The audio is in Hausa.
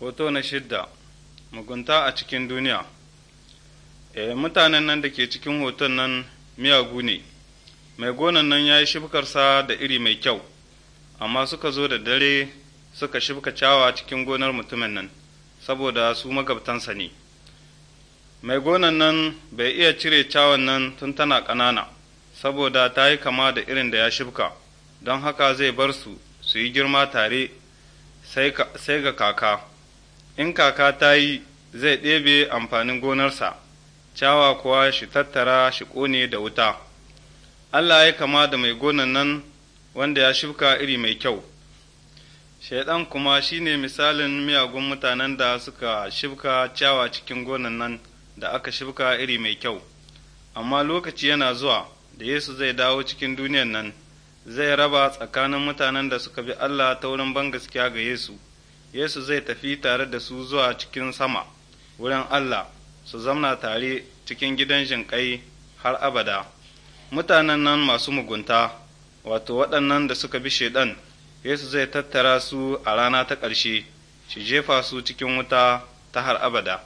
hoto na shidda mugunta a cikin duniya e, mutanen nan da ke cikin hoton nan miyagu ne mai gonan nan ya yi shifkarsa da iri mai kyau amma suka zo da dare suka shifka cawa cikin gonar mutumin nan saboda su magabtansa ne mai gonan nan bai iya cire cawan nan tun tana ƙanana saboda ta yi kama da irin da ya shifka don haka zai bar su su yi girma tare sai ga kaka in kaka ta yi zai ɗebe amfanin gonarsa, cawa kuwa shi tattara shi ƙone da wuta. Allah ya kama da mai gonan nan wanda ya shuka iri mai kyau. Shaiɗan kuma shi ne misalin miyagun mutanen da suka shifka cawa cikin gonan nan da aka shifka iri mai kyau, amma lokaci yana zuwa da Yesu zai dawo cikin duniyan nan, zai raba tsakanin mutanen da suka bi Allah ta wurin ban gaskiya ga Yesu. Yesu zai tafi tare da su zuwa cikin sama, wurin Allah, su zamna tare cikin gidan jinƙai har abada. Mutanen nan masu mugunta, wato waɗannan da suka bi Shaiɗan, Yesu zai tattara su a rana ta ƙarshe, shi jefa su cikin wuta ta har abada.